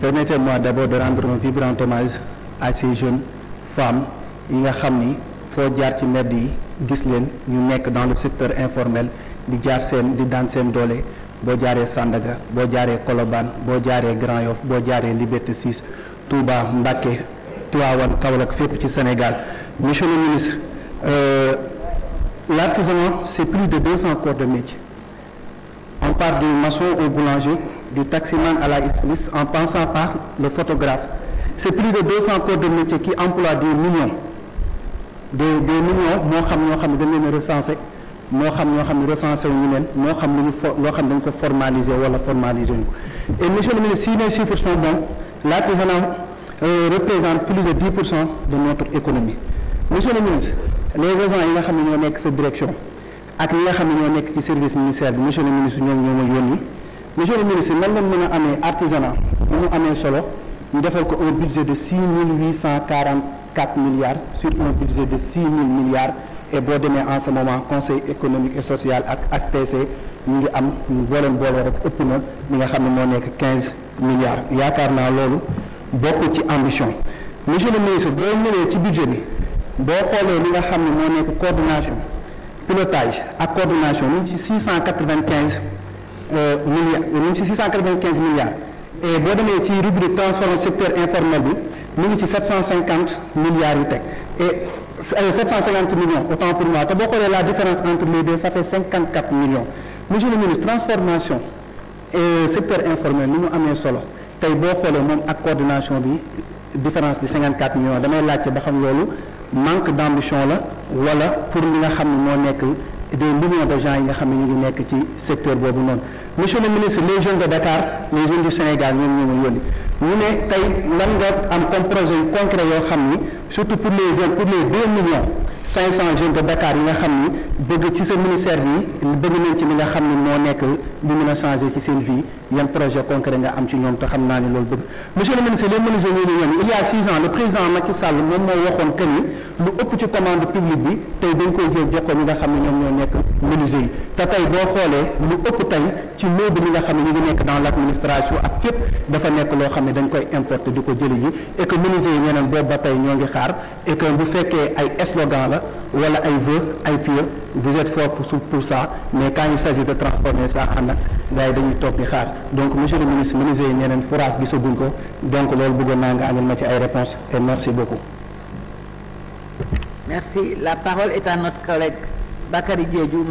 Permettez-moi d'abord de rendre un vibrant hommage à ces jeunes femmes Il y a Khamni, foo ci dans le secteur informel di Sen, Dole, di Sandaga Bodjare Koloban, Bodjare Grandyov, Bodjari Grand Yoff Liberté 6 Touba Mbake, Touawan, Kaolack fépp Sénégal monsieur le ministre euh, l'artisanat c'est plus de 200 cours corps de métier on part du maçon au boulanger du taximan à la Islis en pensant par le photographe. C'est plus de 200 corps de métier qui emploient des millions. Des, millions, moo xam ñoo xam ne dañ leen recensé xam ñoo xam recensé ñu leen moo xam lu ñu formalisé wala formalisé Et monsieur le ministre si les chiffres sont bons l'artisanat euh, représente plus de 10 de notre économie monsieur le ministre les raisons yi nga xam cette ñoo direction ak yi nga xam ñoo ci service ministère monsieur le ministre nous ñoo ma monsieur le ministre, nan la mëna amé artisanat nous avons amé solo ñu défal un budget de 6 844 milliards sur un budget de 6 000 milliards et bo démé en ce moment conseil économique et social ak STC nous ngi am ñu de rek 15 milliards Il y a carrément ci ambition monsieur le ministre bo ñëwé ci budget bi bo xolé li nga xamné mo coordination pilotage à coordination Nous ci 695 euh, milliards 695 milliards et boo demee rubrique secteur informel bi 750 milliards et 750 euh, millions autant pour moi te avez la différence entre les deux ça fait 54 millions monsieur le ministre transformation et secteur informel nous nous un solo tey boo le moom ak coordination bi différence de 54 millions damay avez ba xam manque d'ambition là wala pour nous, nga xam ne des millions de gens yi nga xam ne ñu ngi nekk ci secteur boobu noonu monsieur le ministre les jeunes de Dakar les du Sénégal ñoom ñoo ma yónni ne tey lan nga am comme projet yu concret yoo xam ni surtout pour les jeunes pour les deux millions cinq cent jeunes de Dakar yi nga xam ni bëgg ci sa ministère bi bëgg nañ ci li nga xam ni moo nekk lu mën a changer ci seen vie yan projet concret nga am ci ñoom te xam naa ne loolu bëgg monsieur le ministre les menuisiers ñoo ne ñoom il y a six ans le président Macky Sall moom moo waxoon que ni lu ëpp ci commande publique bi tey dañ koy jël jox ñi nga xam ne ñoom ñoo nekk menuisiers yi te tey boo xoolee lu ëpp tey ci loolu ñi nga xam ne ñu ngi nekk dans l' administration ak fépp dafa nekk loo xam ne dañ koy importer di ko jëli ji et que menuisiers yi ñeneen boobu ba tey ñoo ngi xaar que bu fekkee ay slogan la voilà il veut il pieux vous êtes fort pour ça mais quand il s'agit de transformer ça en acte gars yi dañuy toog donc monsieur le ministre ministre yi ñeneen forage gisaguñ donc loolu bëggoon une réponse ma ci et merci beaucoup. merci la parole est à notre collègue Bakary Diédhiou